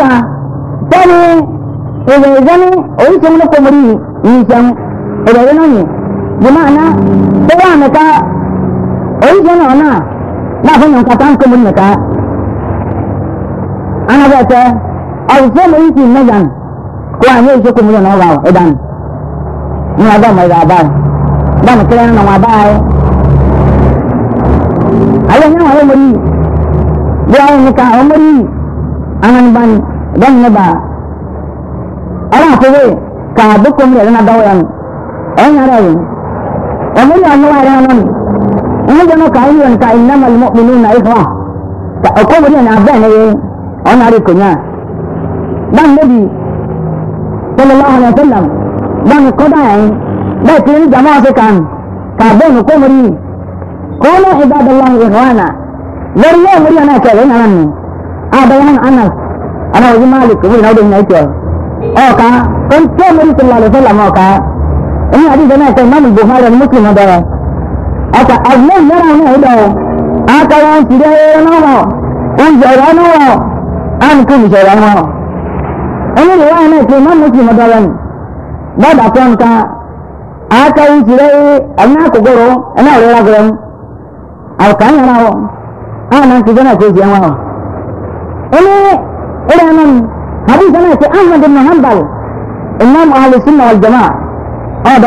ta tani idan zani oi sun na komari ni san idan yana ni jama'a ta wa na ka oi sun na na fa nan ka tan komari na ka ana ba ta au sai mu yi na yan ko an yi shi komari na ba idan ni ga mai da ba ba mu kira na ma ba ai ayo ne wa omori ya ni ka omori anan ban don ne ba ana ko ne ka dukkan da na dawo yan an yara yi amuri Allah ya rana ne in ga no ka yi wanka innamal mu'minuna ikhwa ta ko buri na ba ne ona ri kunya dan nabi sallallahu alaihi wasallam dan ko da yi da tin jama'a su kan ka ba no ko muri ko la ibadallahi ikhwana wariya muri ana ce ina nan ne a bayanan anas ana ojú máàlìkì wí náà ó dé ní ẹjọ ọkà tó ń tó mórí sọlá lọ sọlá mọ ọkà ẹni àdìsẹ náà sọ imáàmù buhari ọdún muslim ọdọrọ ọkà àgbọn ìyára ọhún ẹdọ akọrọ ìṣìlẹ ẹyẹ náà wọ oúnjẹ ọrọ ọhún wọ àǹkú ìṣẹrẹ ọhún wọ ẹni ìwà náà sọ imáàmù muslim ọdọrọ ni bọdà tó ń ka akọrọ ìṣìlẹ ẹni àkọgọrọ ẹni ọrọ ẹlẹgọrọ ọkà ń yàrá wọ àwọn àǹkú ìṣẹrẹ náà sọ ìṣẹ wọn wọ إلى أن حديث في أحمد بن حنبل إمام أهل السنة والجماعة قال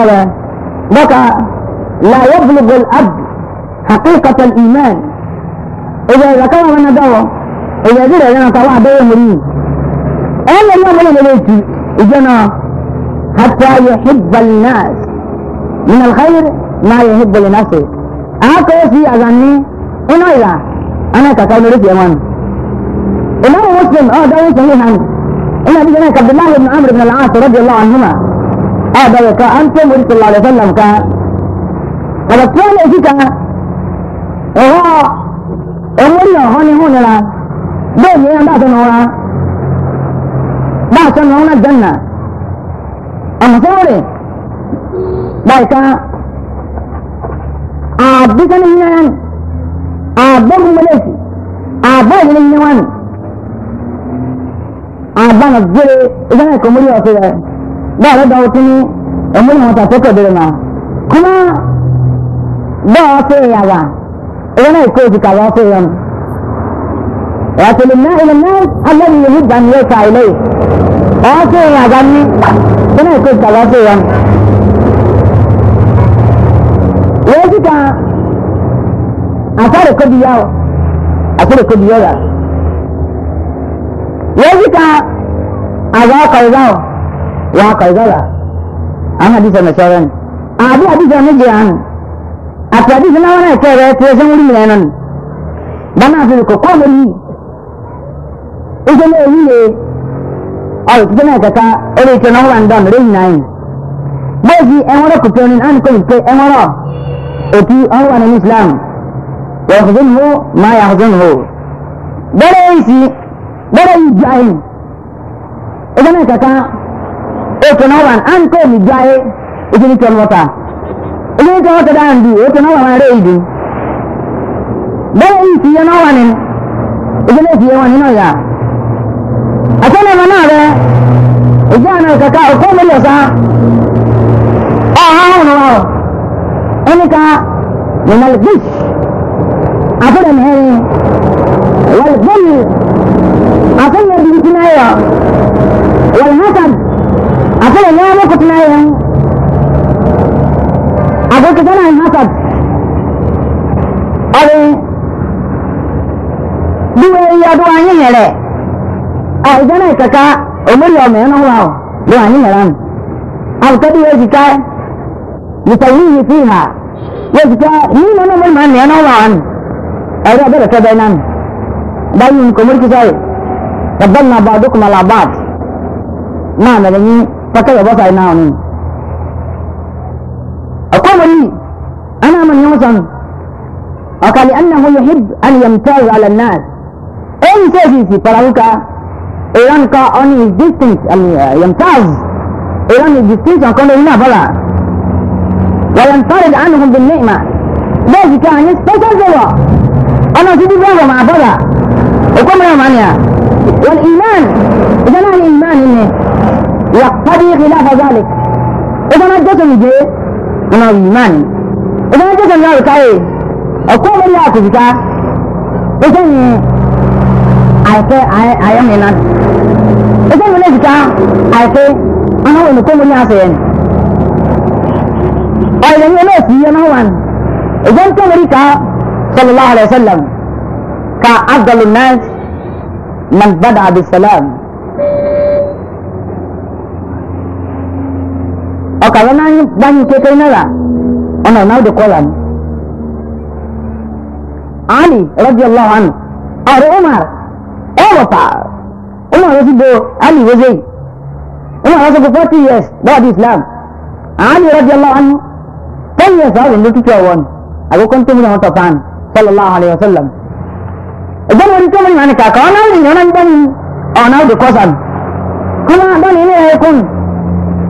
بقى لا يبلغ الأب حقيقة الإيمان إذا ذكر من دواء إذا ذكر لنا طلع بيه مريض أنا ما بلغ بيتي إجنا حتى يحب الناس من الخير ما يحب لنفسه أنا في أغني إنه إذا أنا كتاب رفي أمانه إمام مسلم اه ده صحيح عنه إن أبي جناك عبد الله بن عمرو بن العاص رضي الله عنهما اه ده كأنتم ورسول الله عليه وسلم قد كان فيك وهو أمري هوني هوني لا دون يا بعض نورا بعض نورا الجنة أما سوري كان أعبدك من هنا أعبدك من هنا أعبدك من هنا abana gere idan ka muri wasu ya ba ra da wutun amuri mu ta foko dole ma kuma ba wasu ya ba idan ko ji ka wasu ya wa kullum na ila na alladhi yuhibbu an yasa ilay wasu ya ganni kana ko ka wasu ya wai ka asare ko biyawo asare ko biyawo yajika aza kaizao wa kaizala an hadisa na sauran a abi hadisa na jiran a tabi suna wani ke da ya tuwasan wuri mai nan bana su ko ko muri ita ne yi ne a wata tana kaka ere ke na wuran dan rai na yi ba shi ɗan wani kutonin an kai kai ɗan wani oti an wani islam ya huzun ho ma ya huzun ho dare yi si bọ́dọ̀ yìí gba yìí ọjọ́ náà kàkà ètò náà wà á ń kọ́ mi gba yìí ojú ní tẹ́lẹ̀ wọ́tà ojú ní tẹ́lẹ̀ wọ́tà dáhùn bí ètò náà wà wọn rẹ̀ yìí bọ́dọ̀ yìí ti yẹ náà wà ní ojú náà ti yẹ wọn nínú ìyá àtẹ́lẹ̀ ọmọ náà rẹ̀ ojú àná kàkà ọkọ mi lọ sá ọ̀hán ọ̀nà wà ẹnì ká nìmọ̀lẹ́gbẹ̀ẹ́ àfọ̀dẹ̀ mẹ́rin wọ́n أصل الذي سنايا والحسد أصل الله ما كتنايا أقول كتنا الحسد أبي دو يا دو أني يلا أيضا كذا عمر يوم أنا هو دو أني يلا أو كذي يجي كا يسويه فيها يجي كا مين أنا من من أنا هو أنا أيضا كذا نعم دايم كمر كذا فضلنا بعضكم على بعض ما ملني فكي بصع ناوني أقول لي أنا من يوصن وقال لأنه يحب أن يمتاز على الناس أي شيء في فراوكا إيران كا أني ديستنس أن يمتاز إيران ديستنس أكون لنا فلا وينفرد عنهم بالنعمة ذلك كان يسبسل أنا سيدي بابا مع فلا وكم يوم عنها والإيمان إذا ما الإيمان إنه يقتضي خلاف ذلك إذا ما جسم جي أنا إيمان إذا ما جسم ذلك أي أقوم بلا كذكا إذا ما أي أيام إنان آية إذا ولا كذكا أيك أنا هو نقوم بلا سين أي لم يلوث ينا وان إذا ما مريكا صلى الله عليه وسلم كأفضل الناس من بدع بالسلام ọkà wọn náà gbáyé kékeré náírà ọ̀nà ọ̀nàdò kọ́lan ali rọ́bì ọlọ́hàn ọ̀rọ̀ umar ọ̀rọ̀pà umar ojúbo ali wéze umar ọsọ for forty years lọ́wọ́dì islam ali rọ́bì ọlọ́hàn ten years ọ̀rọ̀ ló tútù ọ̀wọ́n àgókò tó múlò wọn tọ̀fán sọlọ́láhùn àlẹ́ wàsálàmù. ẹjọ́ mo rí tó mo ní màní kàkà ọ̀nà òní ọ̀nà ìgbà mi ọ̀nà òdì kọ́ sàn kọ́nà àdáni ilé ẹ̀ kún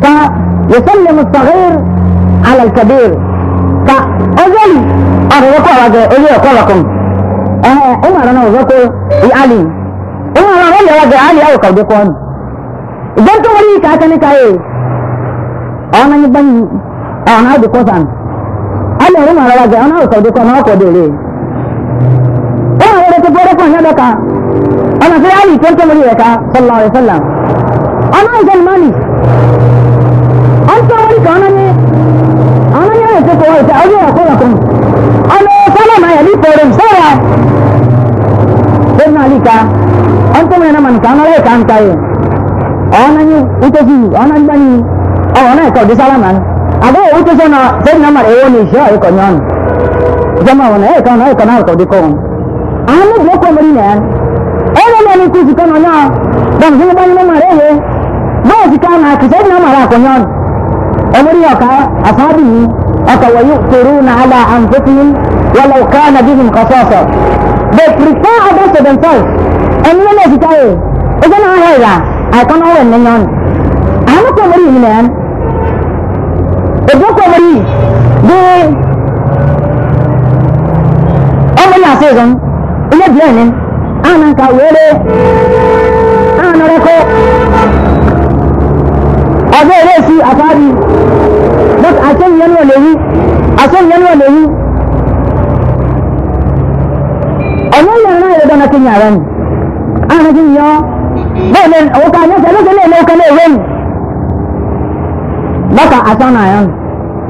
ka yẹsẹ̀lẹ̀ mùsàgẹ́r alẹ́ kẹ́bíir ka ọjọ́lì ọ̀rọ̀ kọ́ wa gẹ̀ orí ẹ̀kọ́ wa kún ẹ̀ ẹ̀ ń rán ọ̀rọ̀ kọ́ ìhálì ń rán ọ̀rọ̀ wa gẹ̀ ìhálì ayọ̀ kọ̀ọ̀dẹ́ kọ́ ni ìjọ́ tó mo rí kàkà ní káyé ọ̀nà ìgbà mi ọ̀nà òdì kọ́ sàn alẹ́ ń rán ọ̀rọ̀ wa gẹ̀ ọ̀nà òkọ̀ọ̀dẹ́ kọ́ ọ̀nà ọ̀kọ̀ọ̀dẹ́ rẹ̀ ti gbọ́dọ̀ fún ẹ̀yẹ́ dọ́ka ọmọ sí ráàlì tó ń tó lórí ẹ̀ka sọlá ọ̀rẹ́ sọlá ọmọ ìṣẹ́ ni mọ́nì ọ̀n tó wọ́n kàn ọ́nà ní ọ̀nà ní ẹ̀sìn kò wọ́n ìṣe ọdún ẹ̀kọ́ ọ̀kọ́ ọmọ sọlá máa yẹ̀lí pẹ̀lú sọ́ra ẹ̀yìn àlì ká ọ̀n tó wọ́n mọ̀nì kàn ọ́nà ẹ̀ka ń ta yẹ ọ̀nà ní ìtòsí ọ̀nà gbẹ́ni ọ̀nà ẹ̀kọ́ ọ̀dún sálá máa àbọ̀ òwú tó sọ́nà sẹ́yìn náà mọ̀ ẹ̀wọ́ ni ìṣe ọ̀ẹ́kọ̀ ní ọ̀nà ìjọba ọ̀nà ẹ̀ka ọ̀nà ẹ̀ka náà ọ̀kọ̀ ọ̀dún kọ́ wọn. àwọn ọmọ ọkọ mẹ́rin nìyẹn ẹ̀rọ mi ni kò sì kọ́ nọ̀nyọ́ bọ́ọ̀mù sí bá nínú màrẹ́ yẹ bọ́ọ̀ sì ká náà kìsẹ́ ní àmàrà àkọ́nyọ́ ọmọdé ọ̀ka àfáàbì yìí ọkọ̀ wọ̀nyí kúrú náà àlà àǹfẹ́fín wọlé ọ̀ka nàbí nǹkan sọ̀ọ̀sọ̀ they prefer others to themselves ẹni wọn náà sì káyè ẹjẹ náà hẹ ìyá àìkọ́ náà wẹ̀ nìyọ́n àwọn ọkọ̀ mẹ́rin yìí nìyẹn èdè ọkọ̀ mẹ́rin yìí bí ọmọ yìí àṣẹ ìzọ́n ilé díẹ̀ ni àna nka wéré àna rẹ́kọ́ ọ̀dọ́ eré sí àfáàrí but àṣeyìn ẹnu ọ̀lẹ́wí àṣeyìn ẹnu ọ̀lẹ́wí ọ̀nà yẹn náà yẹ dáná kéyìn ara ni àna kí yọ bẹ́ẹ̀ ni òkà ní ẹsẹ̀ lókè lè lókè lè wẹ́yìn bọ́kà àṣà náà yẹn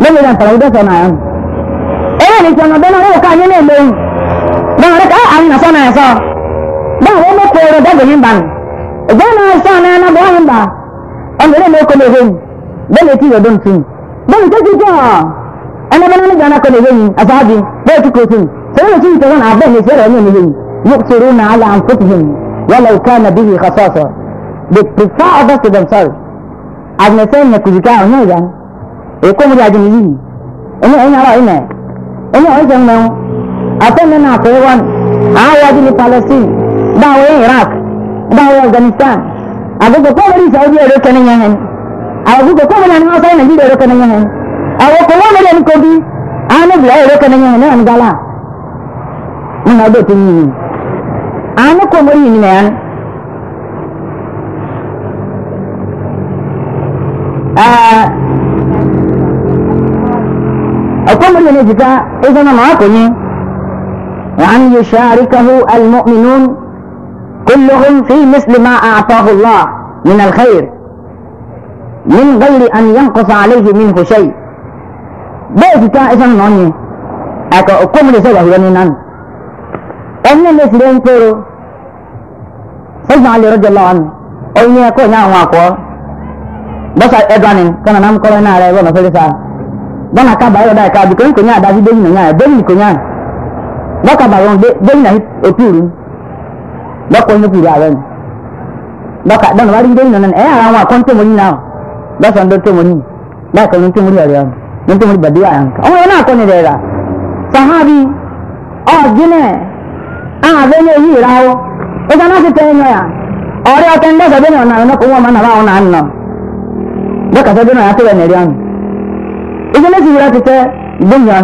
lómi rẹ̀ pẹ̀lú ìdẹ́sẹ̀ náà yẹn eré ìrìnsẹ̀ ọ̀nà bẹ́ẹ̀ náà òkà ní lè lóyìn. dan rek ai ai na so na so dan wo mo ko da go himba ja na so na na go himba on re mo ko le hen dan le ti go don tin dan ke ti ko ana bana ni gana ko le hen asabi ba ti ko tin sai ne ti to ran abba ne sai ne ne يقصرون على أنفسهم ولو كان به خصاصة they prefer others to themselves agnesel ne kuzika onye ya ekwemiri adini yi onye onye ara ime onye onye se mmewu أتمنى أقوان أعواد آه، لفلسطين دعوة العراق إيه؟ دعوة أفغانستان أقول كل رئيس أودي أروك نيهن أقول كل من أنا أصلا نجيب أروك نيهن أقول كل من أنا كودي أنا بلا أروك نيهن أنا غلا من هذا تنين أنا كمري نيهن أقول من أنا آه. جدا إذا أنا ما أكوني وأن يشاركه المؤمنون كلهم في مثل ما أعطاه الله من الخير من غير أن ينقص عليه منه شيء بيت تائسا إسان نوني أكا أقوم لسيدة هلانينا أمنا لسلين تورو سيدنا علي رضي الله عنه أمنا يكون نعم واقوى بس أدوانين كنا نعم كورونا نعم على يوانا سلسة بنا كابا يودا كابا كوني كوني عدا في بيجي نعم بيجي كنيا baka baron gbẹ́yìn náà òpìrì lọ́kọ̀ inú kùrù ààrẹ ni baka dọ́nà wá rí gbẹ́yìn náà ẹ̀yà ara wọn àkọ́ntẹ́ mọ́ ní náà lọ́sàn tó tẹ́ mọ́ ní báyìí kan tó mọ́ ní ọ̀rẹ́ ọ̀nà ní tó mọ́ ní bàdé àyàn kan ọmọ yẹn náà kọ́ ni rẹ̀ rà sahabi ọ̀gbìnẹ̀ ààbẹ̀ ní èyí ìra ọ ọjà náà ti tẹ́ inú ya ọ̀rẹ́ ọ̀tẹ́ ń dẹ́sẹ̀ bẹ́ẹ̀ náà ọ̀nà kò wọ́n máa nàrà ọ̀nà àná bẹ́ẹ̀ kàtẹ́ bẹ́ẹ̀ náà yà tó rẹ̀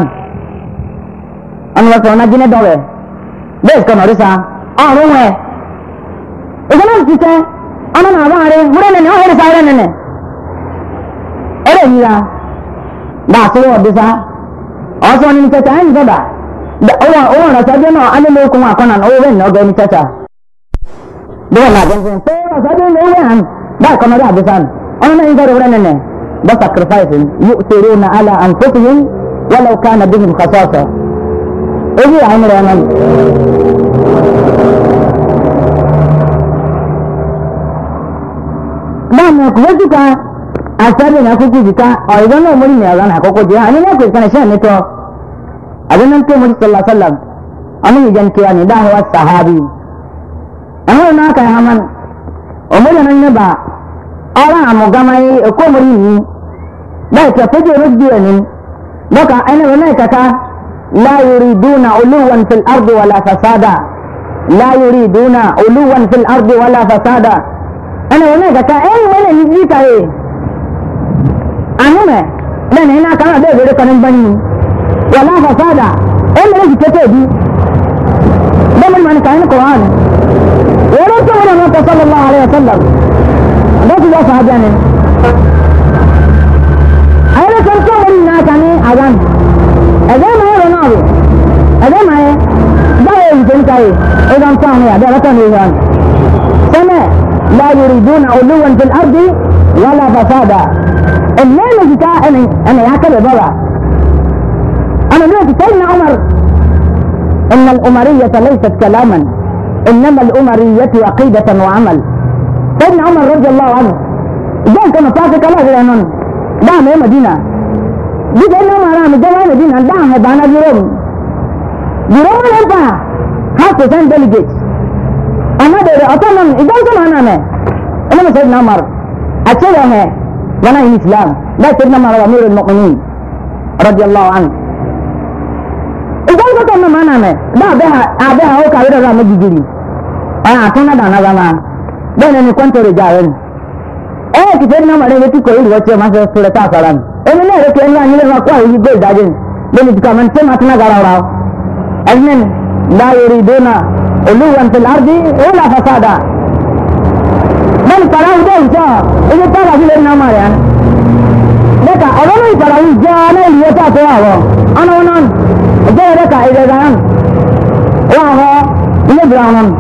ọ̀nà ọ̀sán ọ̀nà jìnnà dọ̀rẹ̀ bẹ́ẹ̀ kọ́ nọ̀rí sa ọ̀rùn wẹ̀ ìgbọ́nà ti tẹ́ ọ̀nà náà wọ́n rẹ̀ wúrẹ́ nìyẹn ọ̀hẹ́rẹ́ sa rẹ̀ nìyẹn ẹ̀rẹ́ yìí ra bá a sọ wọ́n ọ̀dí sa ọ̀sán ní tẹ́tà ẹ̀ ń sọ̀dà owó ọ̀rọ̀ sọ́jọ́ náà alẹ́lẹ́ okun àkọ́nà owó bẹ́ẹ̀ ní ọgọ́ ẹni tẹ́tà bẹ́ẹ̀ náà bẹ́ẹ̀ sọ pé ọ̀sọ́jọ́ ní owó hàn bá ìkọ́nà rí àdúsá nù ọ̀nà náà ń sọ̀rọ̀ wúrẹ́ nìyẹn bọ́ sacrifice yóò tèrè na ala àǹfọ̀sìn wọ́n lọ́ọ́ ká na bíi nǹkan sọ́ọ̀sọ̀ اجي عمرو انا báwo kò fẹ́ síta asábẹ̀ náà kúkú síta ọ̀rẹ́dọ́ náà mórí ní ọ̀rọ̀ àkọ́kọ́ jẹ́ àní náà kò ìkànnì sẹ́yìn nítọ́ àdéhùn náà tó mórí sọlá sọlá ọmọ ìjẹun kíra ní dáhùn wá sàhábì àwọn náà kà hàn mọ́n ọmọdé náà nyẹ́ bá ọ̀rọ̀ àmọ̀gámáyé ẹ̀kọ́ mórí yìí báyìí kẹfẹ́ jẹ́ orí bí ẹni dọ́kà ẹni wọn náà kàkà لا يريدون علوا في الأرض ولا فسادا لا يريدون علوا في الأرض ولا فسادا أنا هنا هناك اي ولا يجيك أي أنا ما لأن هنا كان ده غير كان بني ولا فسادا إيه اللي دي ده من معنى كان القرآن ورسول الله صلى الله عليه وسلم ده كذا صحابي لا يريدون علوا في الارض ولا káyè ẹ̀dọ́n tán انا àdé ọ̀tọ̀ ní أنا دلوقتي سيدنا عمر إن الأمرية ليست كلاما إنما الأمرية عقيدة وعمل سيدنا عمر رضي الله عنه ده كان فاتك الله غير ده مدينة دي سيدنا عمر عامل ده مدينة ده هبانا جيرهم The Roman Empire has to send delegates. Another autonomous, it doesn't matter. أنا سيدنا عمر أتشبه هي وأنا إن إسلام لا سيدنا عمر أمير المؤمنين رضي الله عنه إذا كنت أنا أنا لا بها أبها أو كبيرة لا مجدي أنا أكون أنا أنا أنا بين أن كنت رجالين أي كتير نعم أنا بتي كويل وجه ما سوى سورة سلام أنا لا أكلم أنا لا أقوى يجي بعدين بنتكلم أنت ما تنا قرارا علم لا يريدون علوا في الارض ولا فسادا من فراو ده انسان اذا ترى في لنا يعني لك اظن فراو جانا يتا تواو انا ونان جاي لك اذا كان وهو يبرانون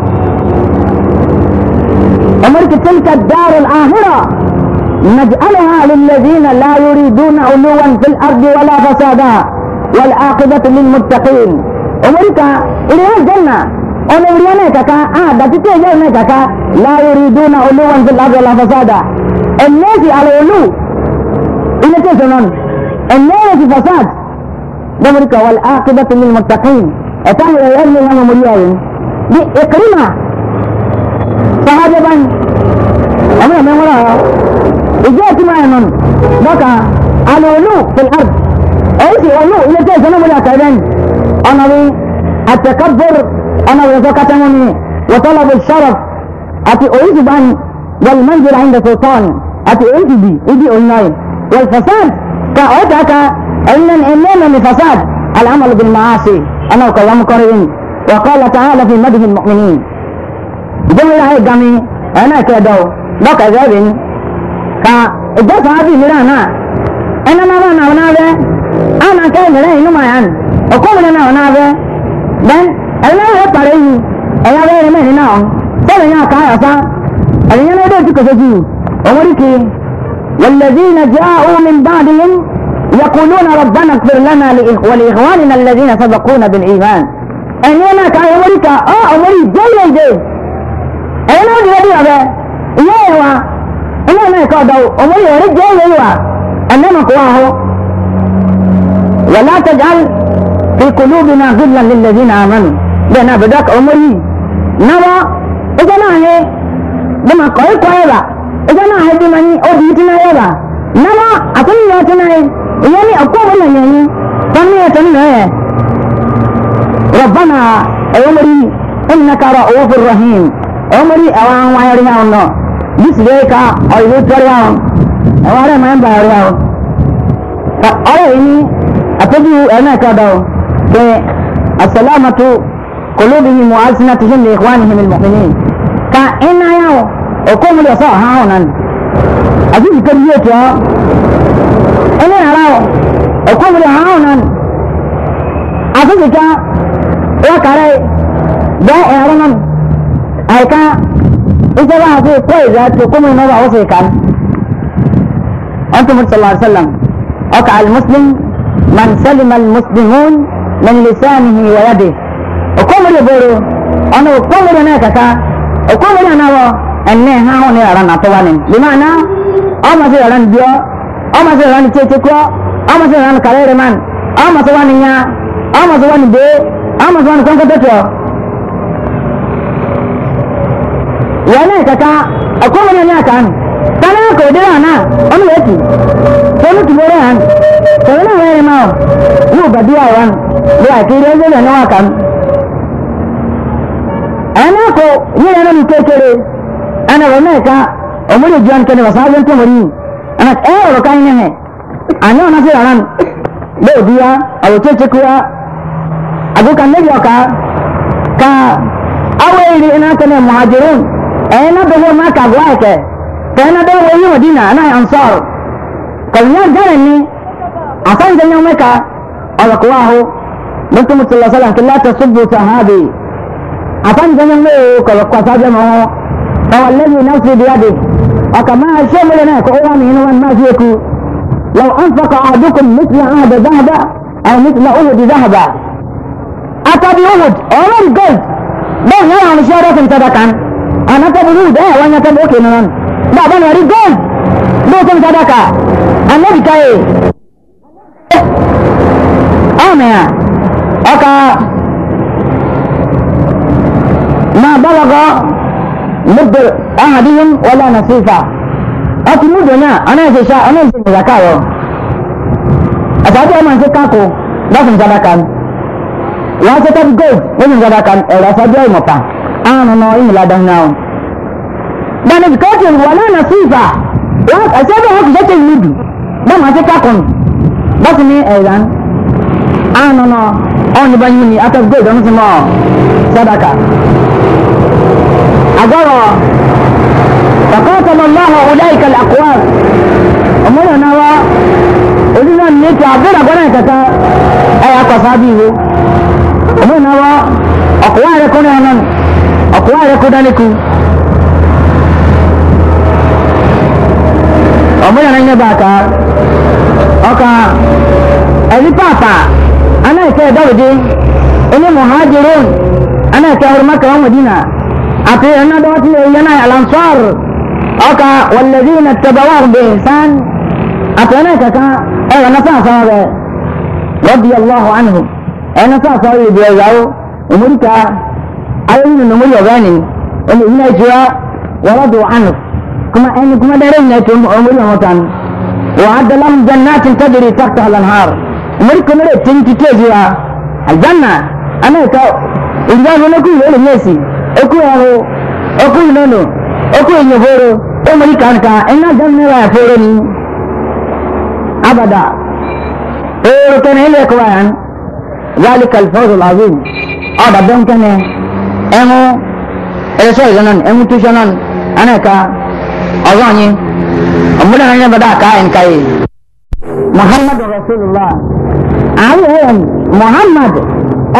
امرك تلك الدار الاخره نجعلها للذين لا يريدون علوا في الارض ولا فسادا والعاقبه للمتقين omorika ilé àjẹnà ọ̀nà ìrìn náà kàkà àdàtútù ẹ̀yẹ náà kàkà láàyè rí dúnà olówó ní lábẹ́ làfàsádà ẹ̀mẹ́sì àlòlù ilé tẹ̀sán náà ẹ̀mẹ́sì fasad lọ́mọdéka wà ákébẹ́tì ní mọ̀tàkùn ẹ̀ta ìrẹ̀ yẹn ní ìyá mọ̀mọ́rí ọ̀rẹ́ ní ìkírìmà sàhábẹ́bá ni ọmọ ẹ̀mẹ́ wọn rà ìjẹ́ ẹ̀tí máa nù lọ́kà àlòlù fìlárì ẹ̀yìn sì wọ́n lù ilé tẹ̀sán náà mọ̀lẹ́ àkàrẹ́ ni. أنوي التكبر أنوي وزكتمني وطلب الشرف أتي أعيد بان والمنزل عند سلطان أتي أعيد بي إدي أولناي والفساد كأوتك إن الإمام لفساد العمل بالمعاصي أنا وكلام قرئين وقال تعالى في مده المؤمنين جميع هاي جميع أنا كدو بك أجابين كا إجاز هذه مرانا أنا ما أنا أنا أنا كاي مرانا إنو ما نعم. والذين جاءوا من بعدهم يقولون ربنا اغفر لنا ولاخواننا الذين سبقونا بالايمان. أن أنا كاي أمريكا أه أمري جاي جاي أنا جاي جاي جاي يا هو أنا أنا كاي أمري جاي جاي هو أنا ما كواه ولا تجعل في قلوبنا غلا للذين آمنوا بنا بدك عمري نوا إذا ناهي بما قوي قوي إذا ناهي بمني أو بيتنا يبا نوا أكون ياتنا يعني أكون ولا يعني فمي يتنا ربنا عمري إنك رؤوف رحيم عمري أوان ويريها ونو بسليك أو يتريها أوان ما ينبع يريها أو يعني أتجي أنا كذا السلامة قلوبهم وألسنتهم لإخوانهم المؤمنين كأن يو أقوم اليسار هاونا أجيب كريوت يا أنا أقوم وكم هاونا أزيد كا وكاري جاء أي كا إذا لا أجيب كويزات تقوم النظر وصيكا أنتم صلى الله عليه وسلم أقع المسلم من سلم المسلمون من لسانه ويده okomori boro ọnà okomori náà kàkà okomori anáwọ ẹnẹ ha hàn ní ara nàtọ wa ni bimana ọmọ sí ìran bíọ ọmọ sí ìran tètèkọ ọmọ sí ìran kàlẹ́rẹ́mán ọmọ sí wa ni ya ọmọ sí wa ni bẹ́ẹ̀ ọmọ sí wa ni kọ́ńkọ́tẹ́tọ̀ wọ́n náà kàkà okomori náà kàn tani ko dira na ọmọ yẹn ti tẹnu tìmọ́rẹ́ hàn tẹ̀wé náà wẹ́rẹ́ máa wọ́n bàdí àwọn. bí àti ilé ẹgbẹ́ náà wà kàn. ẹnì kò yíyan náà ní kékeré ẹnì wọ́n mẹ́ẹ̀ka ọmọdé ju ẹnì kẹ́ni wàsán ayé ń tó wọ́n yìí ẹnì ẹ ọ̀rọ̀ ká yín nìyẹn àná ọ̀nà sí yàrá nù bẹ́ẹ̀ bí ya àwòtí ẹ̀kí kúrẹ́ àgùkà níbi ọ̀ka ká awọ èrè iná kẹ́ni mọ̀hajirun ẹ̀yìn náà bẹ̀rẹ̀ ọmọ àkàgọ́ àìkẹ́ wọ́n yíwọ̀ dínà náà ansọ́ọ̀rọ̀ kọ̀wé náà dẹ́rẹ̀ ní àfáǹjẹ́ yẹn mẹ́ka lọ́tọ́ mo ti lọ sọ́la kí láti ṣubú sàhábì àfáǹjẹ́ni ló kọ̀ kọ̀ sábẹ́ mọ́ ọ̀wọ̀ lẹ́yìn náà fi bíyàdì ọ̀kà máa ṣé mi lè náà kó wà mí inú wọn máa fi eku lọ́wọ́ ọ̀nfọ̀kọ̀ àdúkùn mítìlá ààbẹ̀ dáhàbà àwọn mítìlá òhùdì dáhàbà àtàbí òhùd ọ̀rọ̀ gold bẹ́ẹ̀ ni àwọn iṣẹ́ ọ̀rọ̀ tìǹtàdà kan ànátàbí òhùd ẹ̀ wọ́n yẹn tẹ́lẹ̀ òkè nínú bàbá mi rí gold bẹ́ẹ̀ tìǹtàdà kan ànẹ́bìkáyè ọ̀nà أكا ما بلغ مد أحدهم ولا نصيفا أكو مدنا أنا في شاء أنا في زكاة أتاتي أمان سكاكو لكن زكاة wọ́n ṣe tẹ́tí gold lórí ìjọba kan ẹ̀rọ ọ̀sọ́jọ́ ìmọ̀ta àrùn náà ìmìládàn náà. daniel curtin wà lánàá sí ìfà ẹ̀sẹ̀ bẹ́ẹ̀ wọ́n fi ṣẹ́ṣẹ́ ìlú dùn bẹ́ẹ̀ máa ṣe kákùn bọ́sùn ní ẹ̀rọ ana no on ba yini ata go don so mo sadaka agoro faqatama allah ulaika alaqwal amara nawa olina ne ti agora gora kata ay akwasabi wo amara nawa akware kona nan akware kodane ku amara nan ne baka ọka ẹni pàápàá ke da waje ini muhajirun ana ta hurma ka madina a kai ana da wata ne yana al-ansar aka wallazina tabawahu bi ihsan a kai ne ka ka eh wannan sa sa ga radiyallahu anhum eh na sa sa yi biya yawo umurka ayyun numuri ya gane wani ina jiya wa radu anhu kuma eh kuma da ran ne to umuri mutan وعد لهم جنات تجري تحتها الانهار muri ko nore tin ki teji ya aljanna ana ka inga no ku yo le mesi e ku ya ho e ku no no e ku nyo horo o muri kan ka ina dan ne wa fere ni abada e ro to ne le ko an ذلك الفوز العظيم هذا بهم كان امو رسول جنان امو تشنان انا كا اظاني امبنا نبدا كاين كاين محمد رسول الله عليهم محمد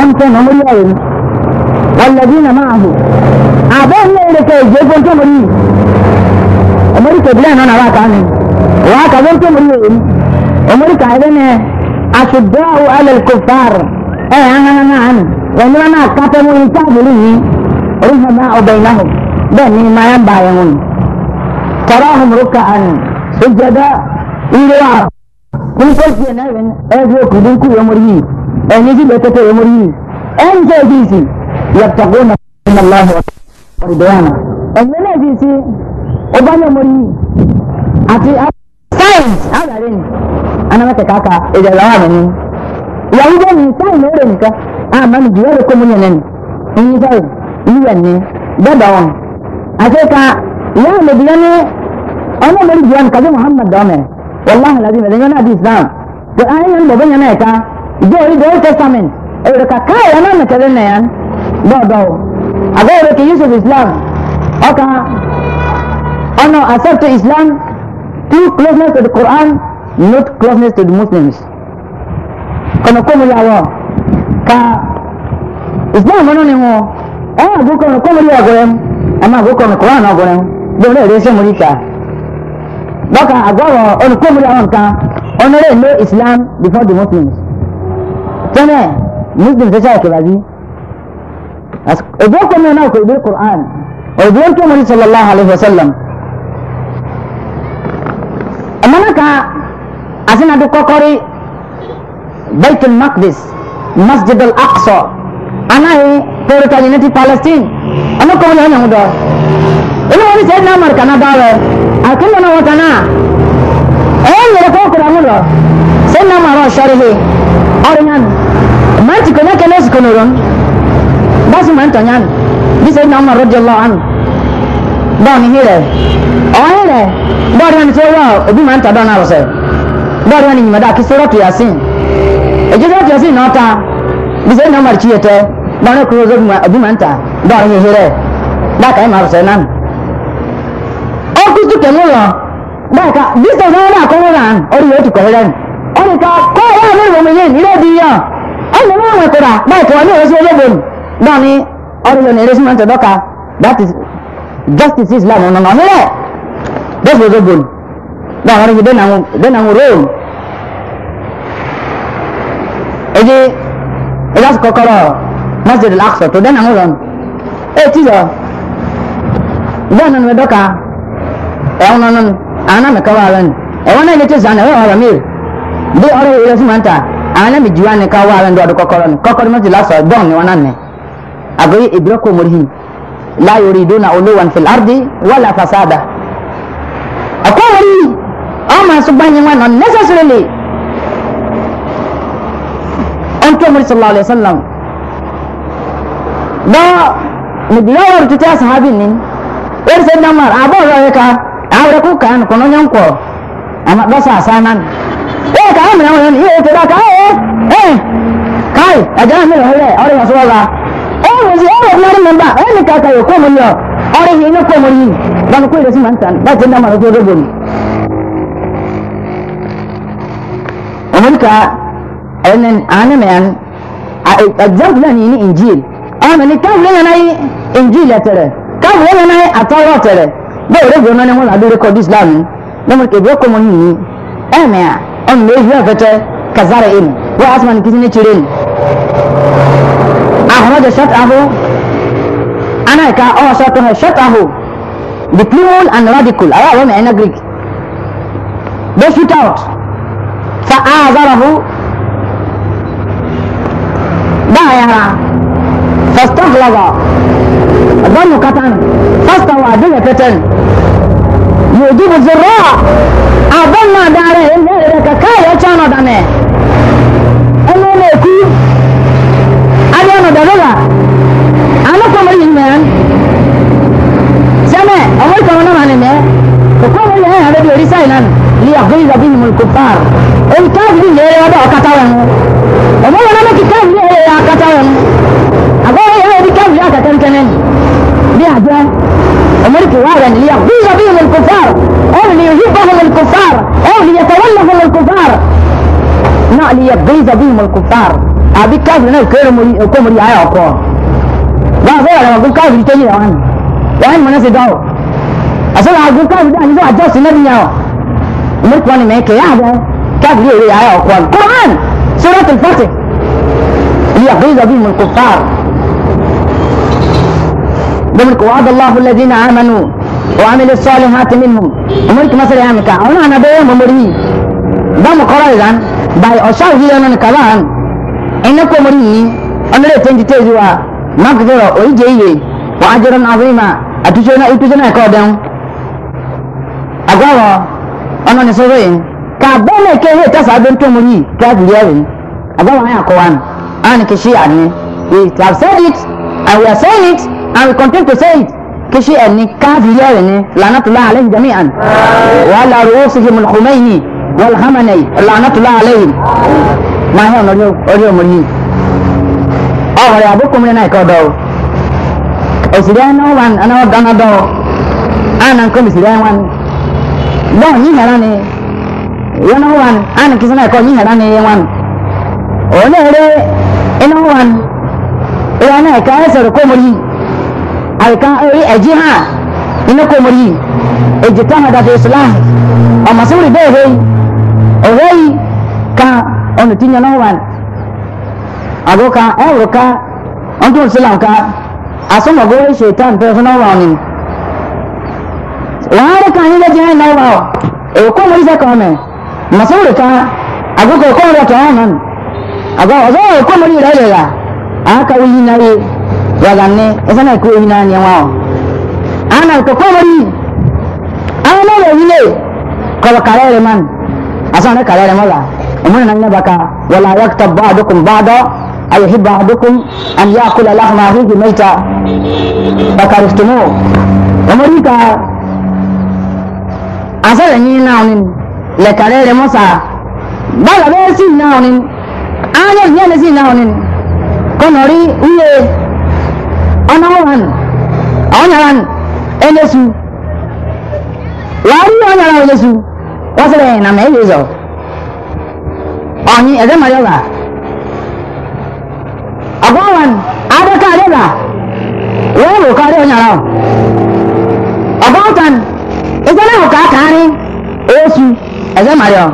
أنت نمريين والذين معه أبوهم يلك يجيبون تمرين أمريكا بلان أنا واقع عنه واقع بون تمرين أمريكا عدنا أشداء على الكفار أي أنا أنا أنا وإنما أنا كتبوا يتابلين رحماء بينهم بني ما ينبعيهم تراهم ركعا سجدا إلى kun sauki na yin ajiye kudin ku ya murhi an yi jibe ta ya murhi an ce jisi ya tago na kuma Allah wa ridwana an yi na jisi o ba ya murhi a ti a science a gare ni ana mata kaka idan rawa da ni ya yi gani science ne rin ka a mani biyar da kuma yanan in yi science yi yanne dadawan a ce ka ya mu biya ne ana murhi biyan kaji Muhammad da mai wallahi lazim da yana di islam to an yan baban yana ka go yi da old testament e da ka kai yana na tare na yan do do a go da ke yusuf islam aka ono accept islam too closeness to the quran not closeness to the muslims kana ko mu yawo ka islam ono ne ho eh go ko ko mu yawo gorem amma go ko quran go gorem do ne re se mu rika bọ́kà àgọ́rọ̀ olùkómi àwọn nǹkan honoré lé islam before the muslims tẹ́lẹ̀ muslims ṣe ṣàkóbá bí èdè kọ́mi náà kò ìdí quran èdè tó mọ̀ ní sallallahu alayhi wa sallam amanaka asinadu kọ́kọ́rí baitul maqdis masjid al-aqsa anahi territory ní ti palestine ọmọkùnrin ẹ̀yàn dọ̀ inú wọn ní sẹ́yìn náà mọ̀rìkà náà dọ̀ rẹ̀. akuma na wata na ɛyɛ nyere kɔ kura mu lɔ sɛ nam arɔ sɔre he ɔre nyanu manti konya kɛlɛ si konoro no basi ma ntɔ nyanu bi sɛ nam arɔ diɛ lɔ anu dɔɔni hi rɛ ɔhe rɛ dɔɔni wani sɛ wɔ obi ma ntɔ dɔɔni arɔsɛ dɔɔni wani nyima da kisɛ rɔtu yasin eji rɔtu yasin na ɔta bi sɛ nam arɔ kyi yɛ tɛ dɔɔni kuro obi ma ntɔ dɔɔni hi hi rɛ daka ɛma arɔsɛ nanu. ti tẹ̀mú lọ báyìí ká distance wọn náà kọ́wọ́ náà orí yóò ti kọ̀wé lẹ́nu ẹnì kan kọ́ ọ̀rọ̀ àwọn ìwọ̀n mi yẹn ilé di yàn ẹnì mú àwọn ìkura báyìí kọ́ ní ìrẹsì olóbòmù náà ní ọdún lónìí ìrẹsì máa ń tẹ̀dọ́ka that is justice is love ọ̀nà ọ̀nà bẹ́ẹ̀ olóbòmù báyìí wọ́n rí bẹ́ẹ̀ náà róòmù èyí ìdásí kọ́kọ́rọ́ masjid al-aqsa tó bẹ́ẹ̀ náà ń rọrùn ẹ̀ tí lọ bẹ́ẹ̀ náà ń ɛwọn nɔnɔ ana mɛ kaba ala ni ɛwọn náà ilé sanni ɛwọn ɔrɔ miiri bí ɔrɔ yìí lọsí màá ta ana mi ju wani ká wà ala ni ɔdún kɔkɔrɔ ni kɔkɔrɔ mi ti la sɔrɔ dɔn ni wọn nani agoye ibiro ko mori láyòrì ìdó na olówó àti filardi wàlà fasada ɛkọ wọlé ɔmọ asọgbànyin wọn nọ necessarily ọ̀ntọ́mọ̀rí sallallahu alayhi wa sallam bá nìbíyàwó tuntun asahabi ni wọ́n ti sẹ́ni náà mọ̀ àbọ̀ ọ̀rọ̀ yẹn ká. amra ku kan kono nyonko ama basa sanan eh ka amra won ni eh da ka eh eh kai aja mi hele ore ya soga eh mo si ore na ri mba eh ni ka ka yo ko mo yo ore hi ni ko mo ni ban ko ire si man tan ba jinda ma ko ni, boni amurka enen anamian a example ni ni injil amani kan lena nai injil ya tere kan lena nai atawa tere bẹ́ẹ̀ rédíò náà ni wọ́n làbí rékọ́dù islam lọ́mọ kébí ọkọ̀ mọ́ nìyí ẹ̀mẹ́ à ọ̀n mi èyí ọ̀fẹ́tẹ́ kazara in wọ́n asman kìí ní kyerè ni. ahomadu shut aho anaika ọwọ́ sọ tó hàn shut aho the plural and radical ayé àwọn ẹ̀ẹ́nà greek they shoot out fa azarahu dáhà yàrá fastahlaza. ظنوا كتن فاستوى عدية كتن يجيب الزراع أظن داري إلا إذا كاي أتانا دامي أنا ليكو أنا أنا داريلا أنا كمري إيمان سمع أول كمانا ماني مي فكم اللي هاي هذا بيوري سايلان ليغيظ بهم الكفار الكاذبين اللي هذا أكتاوهم ومولا نمكي كاذبين اللي هذا أكتاوهم هو بكم يا كم كمان بيعجوا أمرك وارن ليغضب بهم الكفار أو ليهبهم الكفار أو ليتولهم الكفار نا ليبغيظ بهم الكفار أبي كافر نو كير مري كمري أيها أقوى بعض ولا أقول كافر تجي وان وان مناسب دعوة أصلا أقول كافر ده نزوا أجلس نبي يا أمرك واني ما كيا كافر يا أيها أقوى القرآن سورة الفتح ليغضب بهم الكفار بالك وعد الله الذين آمنوا وعملوا الصالحات منهم وملك مصر يامك أنا أنا بيوم مري دام قرائزا باي أشاو هي أنا كلام إنكم مري أنا لا تنجي ما تزوا مقدرة ويجي وأجرا عظيما أتجونا أتجونا كودم أقوى أنا نسوي كابونا كهي تسعدون تومري كابونا كهي أقوى أنا أقوى أنا كشيء أنا We have said it and we are saying it I'm content to say it كشي أني كافي يعني لعنة الله عليهم جميعا وعلى رؤوسهم الخميني والخمني لعنة الله عليهم ما هي نريو أريو مني أهل أبوكم لنا كودو أسيدان أوان أنا ودانا دو أنا نكون أسيدان وان دو نيها لاني يانا وان أنا كسنا يكون نيها لاني وان وليه إنه وان إيه أنا كأسر كومري alkan ori ɛgye ha ina komori egyita ha dada islam ɔmo so wuli bɛɛ hei ɔwɔ yi ka ɔno ti nya no wan ago ka ɛwuro ka ɔntu islam ka asoma go re shaitan pɛ so no wan ni wɔn ka anyi lɛgye ha na ɔwɔ awɔ ɛwɔ komori sɛ kɔn mɛ ɔmo so wuli ka ago ka ɔkɔn rɛ tɔn ɔnan ago ɔsɔ ɛwɔ komori ra yɛ ya aka wuyi na ye. wagane esana ko ina ni wao ana ko komori ana le ile ko karere man asana karere mala umana nan baka wala yaktab ba'dukum ba'da ay yuhibbu ba'dukum an ya'kula lahma akhihi mayta bakaristumu umari ka asara ni naunin le karere musa bala be si naunin ana ni ne si naunin konori uye ọnyaran ọnyaran enesu wàhálì ọnyaran enesu wọ́n sọ̀rọ̀ ẹ̀yìn nà mẹ́rin zọ ọ̀nyin ẹ̀dẹ́ mọ̀lẹ́wà ọgọ́wọ̀n adẹ́ka adẹ́la wọ́n wò kárí ọnyaran ọgọ́wọ̀n ìṣẹ́lẹ̀ ọ̀ká kárí oṣù ẹ̀dẹ́ mọ̀lẹ́wà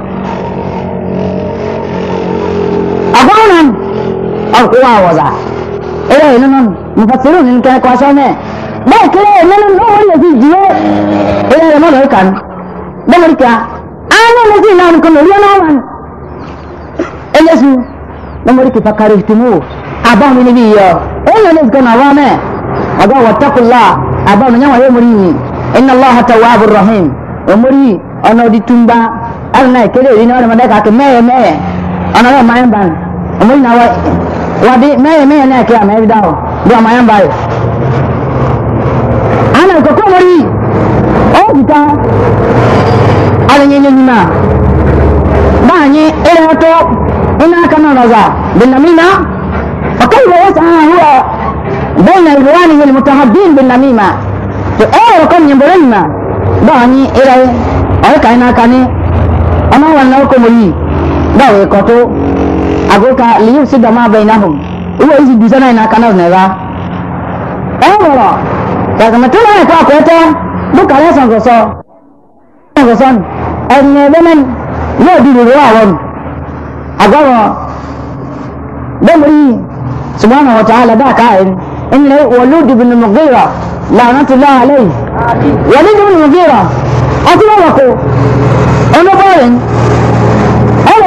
ọgọ́wọ̀n ọ̀kúwà wọ̀zà ẹ̀rọ ìlú náà mufasiru ní kẹ́ ẹ̀kọ́ aṣọ mẹ́ẹ̀ bẹ́ẹ̀ kí lẹ́yìn nínú lọ́wọ́ ní èsì ìjìyẹ eré rẹ̀ mọ́lọ́ ìkànnì bẹ́ẹ̀ ní kíá ánú ní sí ìlànà kan lórí ọ̀nà wọn. eléṣu lọ́mọdé kìí fakari tìmú àbá mi níbi iyọ̀ ẹ̀yìn olóòtú kan àwọn mẹ́ àbá wọ́tẹ́kùlá àbá mi níwọ̀n yóò mórí yìí iná lọ́wọ́ hàtà wà ábúrò rahim òmórí ọ̀nà òdi túmbá àrùn náà ìkéré ìrìn náà ọ̀nà mọ̀dẹ́kà kì mẹ́ẹ̀ náà máa ń bàn òmórí wadi meye meye ne kia meye bidawo ndio mayamba hayo ana ukakuwa mori okita ale nyenye nyina banye ele hato ina kana naza binamina wakaiba wasa huwa baina ilwanihi almutahabbin binamima to ewe wakon nyembolema banye ele aweka ina kane ana wanna uko mori dawe koto agoka liyu si dama bainahum uwa hizi bisana ina kana zineva ewa kaza matuna ya kwa kweta duka lesa ngoso ngoso ene benen yo diru wa won agawo demri subhanahu wa ta'ala da ka in inna walud ibn mughira la'natullah alayhi walid ibn mughira atuma wako ono bawen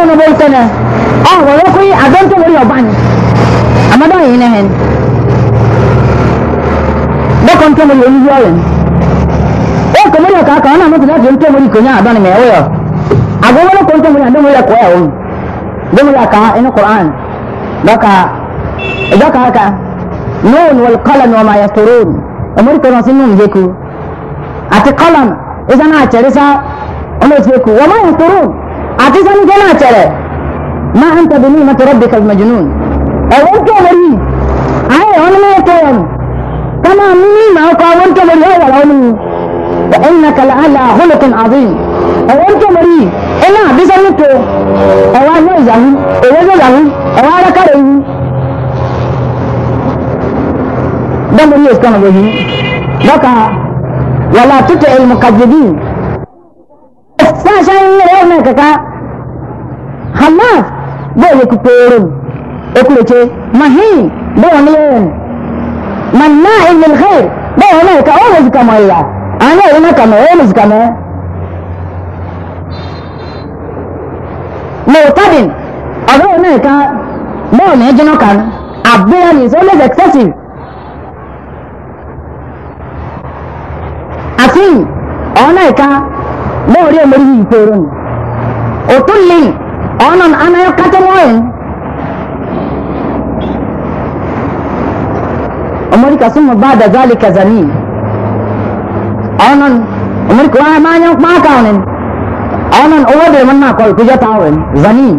ono baitana ọhụrụ ya kụrụ adọntị nwere ọbanye amadu ọyị na hen dọkọ ntọ nwere onye ọrịa o kọ nwere ọka aka ọ na-amụta na ji ntọ nwere ikonye adọ na ewe ya agwa nwere kọ ntọ nwere adọ nwere kọ ya ọnụ dọ nwere aka ịnụ kọrọ ahụ dọka dọka aka nụụn wọl kọla na ọma ya toro ọmụrụ kọrọ ọsị nụụn heku àti kọlọm ịsa na-achịrịsa ọmụ otu heku ọma ya toro àti ịsa n'ihe na-achịrị ما أنت بنيمة ربك المجنون أو أنت مريض أي أنا ما يتوم كما مني ما أقع انت مريض أول أمي فإنك لعلى خلق عظيم أو أنت مريض أنا بسنته أو أنا زهو أو أنا زهو أو أنا كريم ده مريض كما بهي بكا ولا تتع المكذبين ساشا يرونك كا خلاص bóyá kò péré okuleke mahin bóyá ní yẹn manna ìlú xeyr bóyá náà ká ọ̀hún èsì kàmọ́ ìyá àná ìlú náà kàmọ́ ọ̀hún èsì kàmọ́. mọ̀tàdìn ọ̀rọ̀ náà ká bóyá ní ẹjọ́ náà kàn àbúrò ní ìsọ́ lẹ́sẹ̀ excessive. àti ọ̀hún náà ká bóyá orí ọmọ orí yìí péré ni òtún lẹ́yìn. onon anayo kate moye omori kasuma bada zalika zanin onon omori kwa manyo makaunen onon owode manna kol kujatawen zanin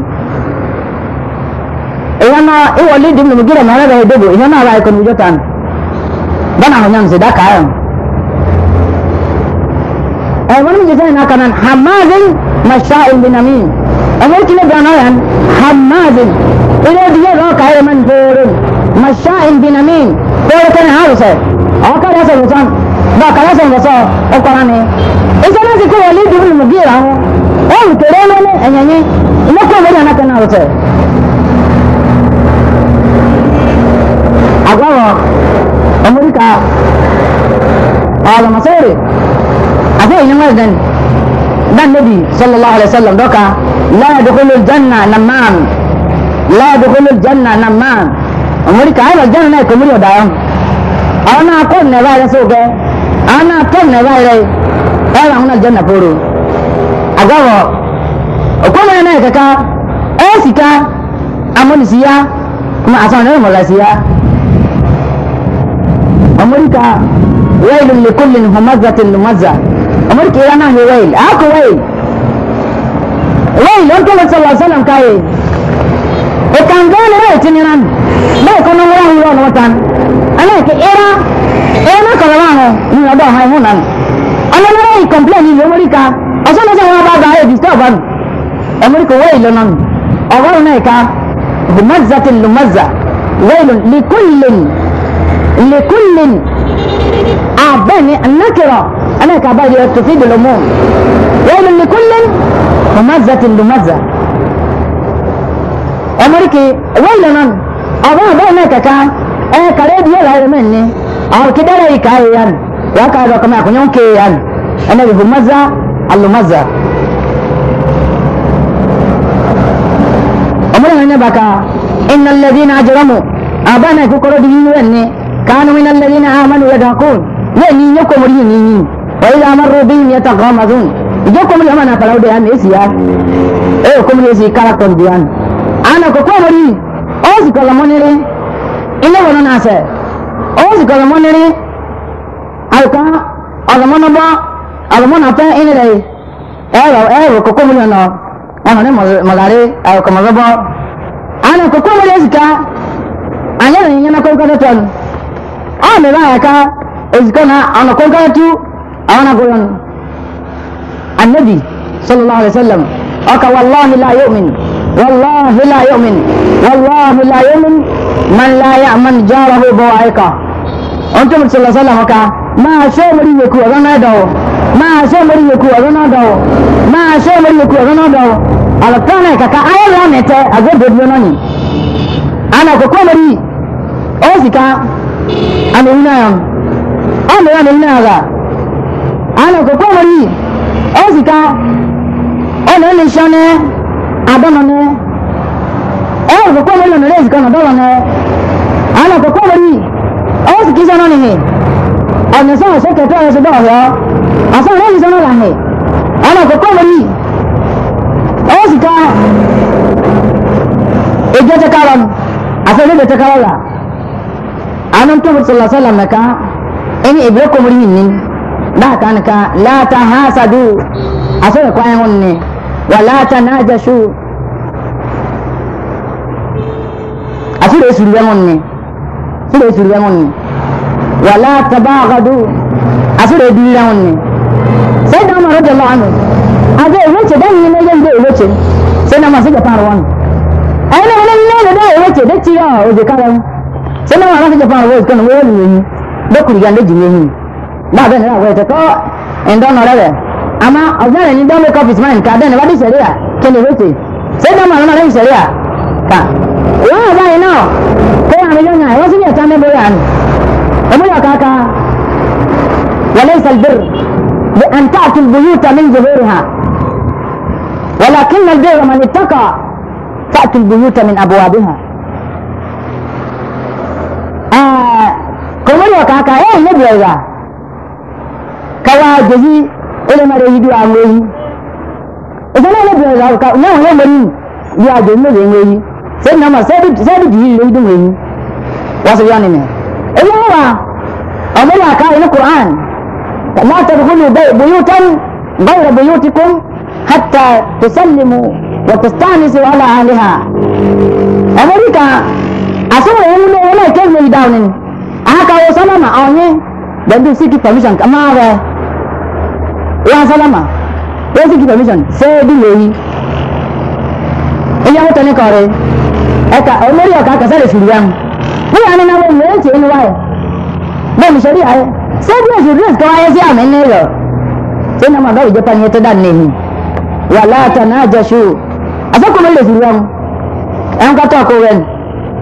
iyana iwolidi mnu mugira marara hedebo iyana abaye kon kujataan bana honyan sidaka ayon ay wani mjisani nakanan hamadin mashaa'in binamin أمريكي جانايان حماد إلى دي راك هاي من بور مشاء بنمين بور كان هارسة أو كان هسا وصان با كان هسا وصان أو كراني إذا نزل كل وليد بن مغيرة أو كراني أنيني ما كان ولا أنا كان هارسة أقوى أمريكا هذا مصيري أقوى يمرضني ده النبي صلى الله عليه وسلم دوكا لا يدخل الجنة نمام لا يدخل الجنة نمام أمريكا هذا الجنة نايكو مريو دايم أنا أكون نبايا سوكي أنا أقول نبايا أنا هنا الجنة بورو أقول أقول أنا كاكا أسيكا أموني سيا كما أصلا نرمو لا سيا أمريكا ويل لكل همزة لمزة kafir ke yana ne wail aku wail wail on kala sallallahu alaihi wasallam kai e kan ga ne wai tiniran ba ko nan wani wani wani watan ana ke era era ko wala ho ni da hai hunan ana ne wai complain ni america aso na sa ba ga e disturb an america wail nan agora ne ka humazzatil lumazza wail likullin likullin abani annakira أنا كعبادي تفيد الأمور ويل لكل همزة لمزة أمريكي ويل نن أبا أبا نكا كان أه كريد يلا مني أو أه، كده لا يكايان وكا رقم أكون يوم كيان أنا بهمزة اللمزة أمريكي هنا بكا إن الذين أجرموا أبانا كوكرو دينو كانوا من الذين آمنوا يدعقون يعني يكو مريني wọ́n yà máa rọ́bí ní ẹ̀ta kan máa tún ìjọ kọ́mọ́ ní ọmọ náà fara ọdẹ yàn ní èsì yá ẹ yọ kọ́mọ́ ní èsì kárakọ̀ ọdẹ yàn. àná kòkó wọn ni ó sì kọ̀ lọ́mọ́ nírí ilé wọn náà sẹ̀ ó sì kọ̀ lọ́mọ́ nírí àyùká ọ̀lọ́mọ́nàbọ́ ọ̀lọ́mọ́nàfẹ́ ìnirẹ̀ ẹ̀rọ ẹ̀rọ kòkó wọn náà ọ̀nà ní mọ̀lárí àyùkọ̀mọ̀lọ́bọ́ àná أنا أقول النبي صلى الله عليه وسلم أك والله لا يؤمن والله لا يؤمن والله لا يؤمن من لا يأمن جاره بوائقه أنتم صلى الله عليه وسلم أك ما شو مري يكو أنا دو ما شو مري يكو أنا دو ما شو مري يكو أنا دو على كنا كا أي لا نت أقول بديونني أنا كوكمري أوزيكا أنا هنا أنا هنا هذا ana koko mori ezika ọna ọ na-esi ọnụ adọnọnụ ọna koko mori ọna ezika ọna adọnọnụ ana koko mori ezika isi ọnụ n'ihe ọna esi ọsọ kẹtẹ ọsọ dọ ọhịa ọsọ ọna ezika ọnụ lahị ọna koko mori ezika ejọ tẹkara afọ ejọ tẹkara la anụ ntọmọtọ sọlọ sọlọ mẹka ẹni ebire kọmọrị yìí nínú. dáàkà nìkan láta hásàdù àsọ̀rọ̀ kwan ẹ̀hún ni wà láta nájàṣù àsọ̀rọ̀ èsùrù ẹ̀hún ni àsọ̀rọ̀ èsùrù ẹ̀hún ni wà láta báàgàdù àsọ̀rọ̀ èbìrì ẹ̀hún ni sẹ́yìn náà mọ̀rọ̀ jẹ̀lọ́ àná àgbẹ̀ ìwéche dẹ́yìn ní ẹ̀yẹ́ ìgbẹ́ ìwéche sẹ́yìn náà mọ̀ sí japan wọn ẹ̀yìn náà wọ́n ní ẹ̀yẹ́ ìgbẹ́ ìwéche dẹ́tí ọ̀ òjèkárẹ̀ sẹ́yìn náà mọ̀ sí japan wọn ìkànnì wọ́n ní ẹ̀yìn dọ́kùnrin yàn lẹ́jìn ní ẹ̀yìn. بعد ان يغيتك ان دون ولا اما اظن ان دون ميك اب هيز مايند كاد ان بادي سريع كان يغيتي سيدنا ما لما لاي سريع كا يا باي نو كان عم يجنع يا سيدي اتعمل بويا عنه ابويا كاكا وليس البر بان تاتي البيوت من ظهورها ولكن البر من اتقى تاتي البيوت من ابوابها آه كمان يا كاكا ايه نبي يا kawa jezi ele mare hidu amweyi ezana ele bia zawo ka na wo mari bia jezi no yenweyi se na ma se bi se bi di ile hidu mweyi wasu ya ne ele wa amara ka ile qur'an la tadkhulu buyutan ghayra buyutikum hatta tusallimu wa tastanisu ala ahliha amerika asoro ewu le wala ke mweyi dawo ne aka wo salama onye dem do seek permission kama ba wọn sálámà wọn sì kí permission sẹ́ẹ̀dì lóyún ẹ̀yà ọ̀tọ̀ ní kọ̀ọ̀rẹ́ ẹ̀ka ọ̀mọ́rí ọ̀ka kàṣẹ́rẹ̀ sùúrù yà mú wọ́n yà ní náà wọ́n yóò tì í níwáyọ̀ bẹ́ẹ̀ mi sọ́rí ayẹ sẹ́ẹ̀dì ọ̀sùn dúró kọ́ ayé sí àmì ní rọ̀ ṣé ní ọmọ àbáwò ìjọba ni ẹ tó dà nìyí wà láàtà náà jẹ ṣó àṣọkùnrin lè sùúrù yà mú ẹ̀ ń kọ́tọ̀ kó rẹ̀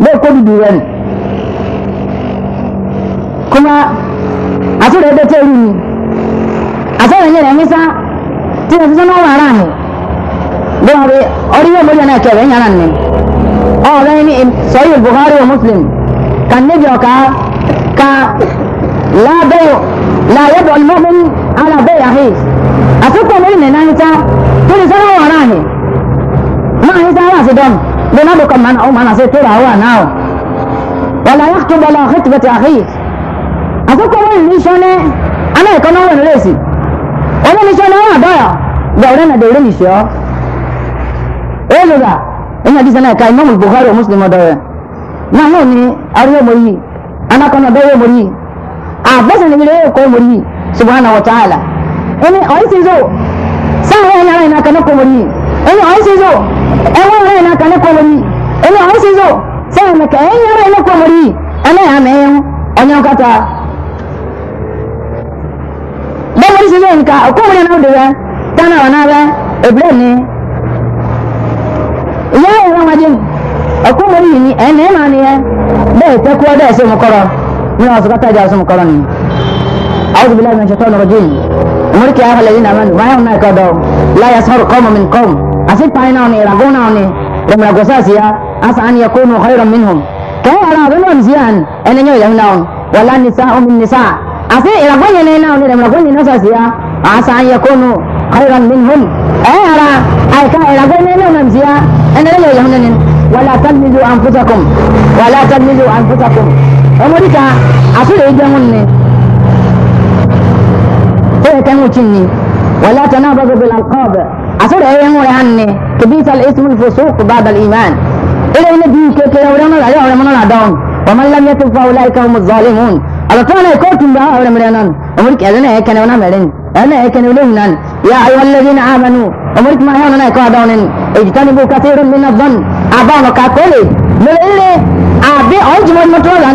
bẹ́ẹ̀ kó dùdù rẹ̀ kọ́má àtúrẹ̀ ẹgbẹ́ tẹ́lú ni àtọ́ ìyẹn rẹ̀ nísà tí wọ́n ti sọ́nà ọ̀rọ̀ ara ni bí wọ́n fi ọdún yóò múlẹ̀ náà kẹrẹ̀ yàrá ni ọ̀rẹ́ ní sọ́yìn buhari wa muslim kan níbi ọ̀ka ka lábẹ́yọ̀ láyẹ̀bọ̀ lọ́mọ́mí alábẹ́yà hì àtúkọ̀ lórí nìyẹn nísà tí wọ́n ti sọ́nà ọ̀rọ̀ ara ni máa nísà wà sí dọ́m bí wọ́n dùkọ̀ mọ́nà ọ̀hún mọ́nà sí tóra wà náà wọ́n láyà tó bọ́lá ọ̀hún tìbẹ̀tì àhì àtúkọ̀ lórí nìyẹn sọ́nà aná ìkọ́nà wọ̀ nílẹ̀ sí. ọmọ mi sọ́nà wọn àbáyà gàwúrẹ́ náà dẹ̀wúrẹ́ mi sọ́ ẹ lọ́dà ẹ̀yìn àdìsẹ́ náà ká imam buhari muslim ọ̀dọ́rẹ́ náà náà ni arúgbó mori yìí anakọ̀nà dọ́wọ́ mori yìí àbẹ́sẹ̀ níbi lẹ́yìn ẹ̀kọ́ mori yìí subhana wa ta'ala ẹni ọ̀yìn sí zo sáwọn ẹ̀yìn ara ìnaka ní kọ́ mori yìí ẹni ọ̀yìn sí zo ẹ̀wọ̀n ara ìnaka ní kọ́ mori yìí ẹni ọ̀yìn sí zo sáwọn ẹ̀yìn ara ìnaka ní kọ́ mori yìí ẹni àmì ẹ̀yìn ọ̀nyẹ́ isi se nka okomune na wudebe tana wanabe ebile ni ìyá yẹn wọn wájú mi ọkùnrin yìí ni ẹni ẹ̀ máa ni ẹ bẹ́ẹ̀ tẹ́kú ọdẹ ẹ̀ sí mu kọ́rọ̀ ní wọn sọ kọ́tà ìjà ọ̀sùn mu kọ́rọ̀ ni àwọn òbí láti ṣètò ọ̀nà ọ̀dún yìí ọmọdékè àwọn ọ̀lẹ́yìn náà mẹ́nu wáyà ọ̀nà ẹ̀kọ́ dọ̀ láyà sọ̀rọ̀ kọ́mù mi kọ́mù àti pàì náà ni ìràgó náà ni lẹ́mìràgó sáàsì ya asa àni ẹ̀kọ́ nù ọ̀hẹ́rọ̀ mi nù kẹ́hìn ara àbẹ́lẹ̀ ọ̀nà sí ase iragwenye nena onire iragwenye nasa siya asa an yakunu khairan minhum ayara aika iragwenye nena mziya enelele yahunenin wala talmizu anfusakum wala talmizu anfusakum omorika asure ijangunne ere tengu chinni wala tanabazu bil alqab asure eyengure hanne kibisa al ismu al fusuq ba'da al iman ere ne di ke ke ore no la ore no la don wa man lam yatub fa ulaika hum adh-dhalimun أبقانا يكوتم بها أولا مرينان أمريك أذنا أنا ونا مرين أنا أنا أكنا ولهنان يا أيها الذين آمنوا أمريك ما أنا يكوا دونين اجتنبوا كثير من الظن أبانا كاكولي ملئلي أبي أجمل مطولة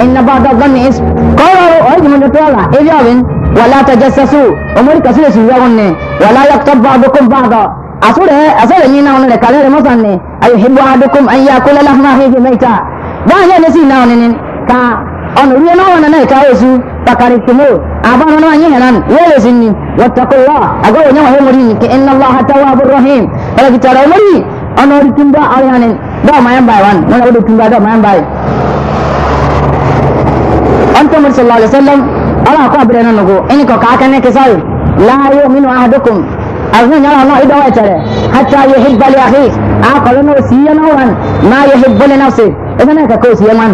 إن بعض الظن إسم قولوا أجمل مطولة إذا وين ولا تجسسوا أمريك أسولي سيجاون ولا يكتب بعضكم بعضا أسولي أسولي نينا ونرى كالير مصني أيحب أحدكم أن يأكل لحم أخيه ميتا دعني نسينا ونين ka ọ̀nà ìwé náà wọn náà káwé sí pàkàrí kìmó àbọ̀nà náà yìí hàn wọ́ọ̀lẹ̀ sí ni wọ́tàkùlá àgọ́wò ní wọ́n mọ̀rí ní kí iná lọ́ha táwọn abúrọ̀hìn ọ̀nà kìtà rẹ̀ mọ̀rí ọ̀nà orí tún bá ọ̀yàn ni dọ́ọ̀ máa ń báyìí wọn náà orí tún bá dọ́ọ̀ máa ń báyìí. ọ̀ntẹ́ mu sọ̀lá alẹ́ sẹ́lẹ̀m ọ̀là kọ́ abirẹ̀ náà nùgò ẹni kọ̀ káàkẹ́ ní kẹsàrì láàyò mínú ahadukum àfihàn yàrá náà ìdọ̀wọ̀ ẹ̀tẹ̀rẹ̀ hàtà yẹ hibbali àhí àkọlẹ́ náà òsì yẹn náà wọn máa yẹ hibbali náà sí ẹgbẹ́ náà kẹ́kẹ́ òsì yẹn wọn.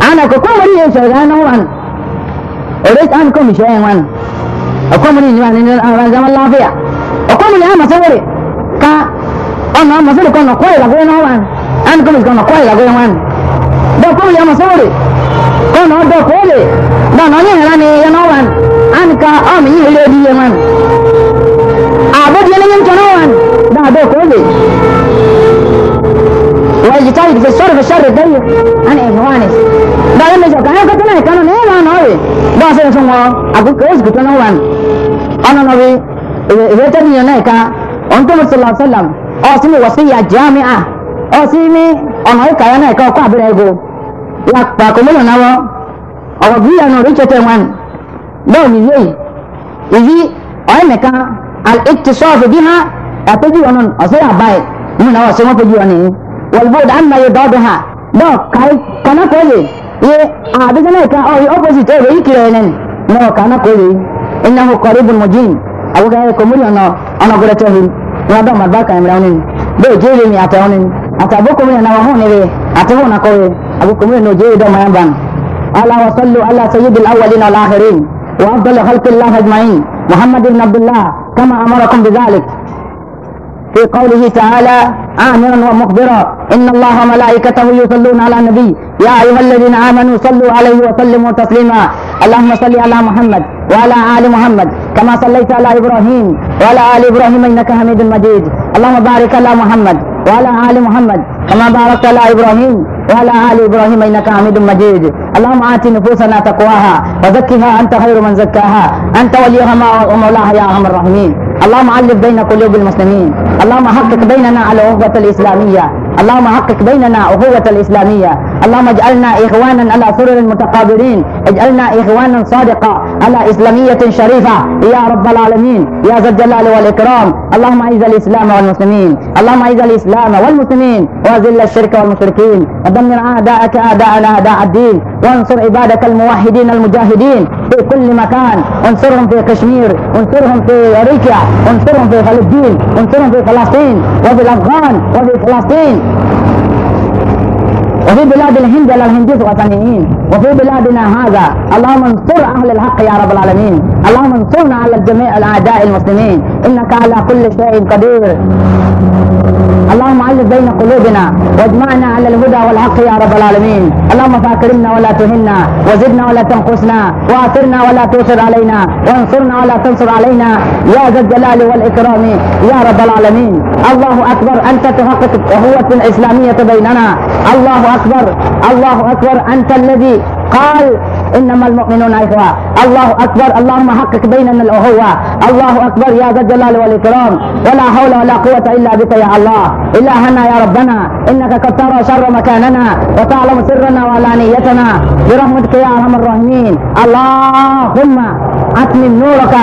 ana ko kuma ri yeso ga na wan ores an ko mi shoyan wan ko mu ni wan ni an ran zaman lafiya ko mu ni ama sawore ka on na masore ko na ko la go na wan an ko mi ko na ko la go wan da ko ya masore ko na da ko le da na ni ran ni ya na wan an ka o mi ni le di ye wan abo di ni ko na wan da da ko le ويجتهد في الصرف الشر الضيق عن إهوانه dala mejo kana ko tana kana ne ma no we ba se so mo abu ko is gutana wan ana no we we ta ni na ka on to sallallahu alaihi wasallam o si mi wasiya jami'a o si mi ona ka ya na ka ko abire go ya pa ko mo na wo o bi ya no ri chete wan do ni ye yi o me ka al ittisaf biha ataju onon o se abai mo na wo se mo peju oni wal bod amma yudabaha do kai kana ko ye ye abisa na ka o opposite e yi kire nen na ka na ko yi innahu qaribul mujin abu ga ko muri ona ona gura to hin na da ma ba ka imra onin be je le ni ata onin ata bo ko muri na ho ne re ata ho na ko ye abu ko muri no je do ma yan ban ala wa sallu ala sayyidil awwalin wal akhirin wa afdal khalqillah ajma'in محمد بن عبد الله كما امركم بذلك في قوله تعالى آمرا ومخبرا إن الله وملائكته يصلون على النبي يا أيها الذين آمنوا صلوا عليه وسلموا تسليما اللهم صل على محمد وعلى آل محمد كما صليت على إبراهيم وعلى آل إبراهيم إنك حميد مجيد اللهم بارك على محمد وعلى آل محمد كما باركت على إبراهيم وعلى آل إبراهيم إنك حميد مجيد اللهم آت نفوسنا تقواها وزكها أنت خير من زكاها أنت وليها ومولاها يا أرحم الراحمين اللهم علف بين قلوب المسلمين اللهم حقق بيننا على الأخوة الإسلامية اللهم حقق بيننا أخوة الإسلامية اللهم اجعلنا إخوانا على سرر متقابلين اجعلنا إخوانا صادقة على إسلامية شريفة يا رب العالمين يا ذا الجلال والإكرام اللهم أعز الإسلام والمسلمين اللهم أعز الإسلام والمسلمين وأذل الشرك والمشركين ودمر أعداءك أعداءنا أعداء الدين وانصر عبادك الموحدين المجاهدين في كل مكان انصرهم في كشمير انصرهم في أريكيا انصرهم في فلسطين انصرهم في فلسطين وفي الأفغان وفي فلسطين وفي بلاد الهند الهندوس وطنيين وفي بلادنا هذا اللهم انصر أهل الحق يا رب العالمين اللهم انصرنا على جميع الأعداء المسلمين إنك على كل شيء قدير اللهم علق بين قلوبنا واجمعنا على الهدى والحق يا رب العالمين اللهم فاكرمنا ولا تهنا وزدنا ولا تنقصنا واثرنا ولا توصر علينا وانصرنا ولا تنصر علينا يا ذا الجلال والاكرام يا رب العالمين الله اكبر انت تحقق قوة الاسلاميه بيننا الله اكبر الله اكبر انت الذي قال انما المؤمنون اخوة الله اكبر اللهم حقق بيننا الاخوة الله اكبر يا ذا الجلال والاكرام ولا حول ولا قوة الا بك يا الله الهنا يا ربنا انك قد ترى شر مكاننا وتعلم سرنا وعلانيتنا برحمتك يا ارحم الراحمين اللهم اتمم نورك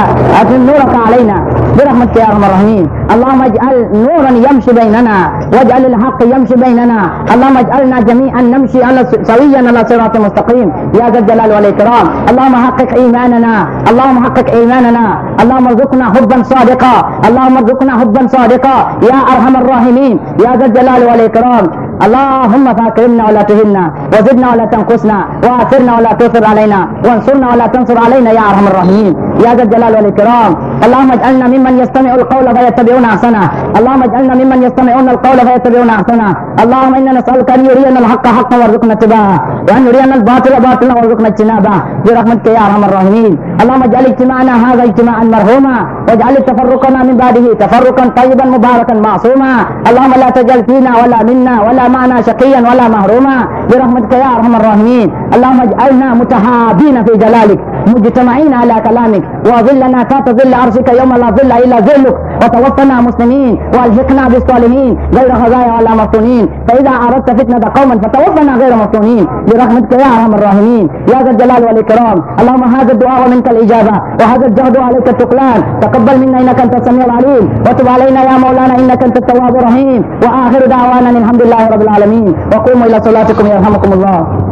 اتمم نورك علينا برحمتك يا ارحم الراحمين اللهم اجعل نورا يمشي بيننا واجعل الحق يمشي بيننا اللهم اجعلنا جميعا نمشي على سويا على صراط مستقيم يا ذا الجلال والاكرام اللهم حقق ايماننا اللهم حقق ايماننا اللهم ارزقنا حبا صادقا اللهم ارزقنا حبا صادقا يا ارحم الراحمين يا ذا الجلال والاكرام اللهم فاكرمنا ولا تهنا وزدنا ولا تنقصنا واثرنا ولا تؤثر علينا وانصرنا ولا تنصر علينا يا ارحم الراحمين يا ذا الجلال والاكرام اللهم اجعلنا ممن يستمع القول فيتبعون احسنه اللهم اجعلنا ممن يستمعون القول فيتبعون احسنه اللهم انا نسالك ان يرينا الحق حقا وارزقنا اتباعه وان يرينا الباطل باطلا وارزقنا اجتنابه برحمتك يا ارحم الراحمين اللهم اجعل اجتماعنا هذا اجتماعا مرحوما واجعل تفرقنا من بعده تفرقا طيبا مباركا معصوما اللهم لا تجعل فينا ولا منا ولا معنا شقيا ولا مهروما برحمتك يا ارحم الراحمين اللهم اجعلنا متحابين في جلالك مجتمعين على كلامك وظلنا فات ظل عرشك يوم لا ظل إلا ظلك وتوفنا مسلمين والحقنا بالظالمين غير خزايا ولا مفتونين فإذا أردت فتنة قوما فتوفنا غير مفتونين برحمتك يا أرحم الراحمين يا ذا الجلال والإكرام اللهم هذا الدعاء منك الإجابة وهذا الجهد عليك التقلان تقبل منا إنك أنت السميع العليم وتب علينا يا مولانا إنك أنت التواب الرحيم وآخر دعوانا الحمد لله رب العالمين وقوموا إلى صلاتكم يرحمكم الله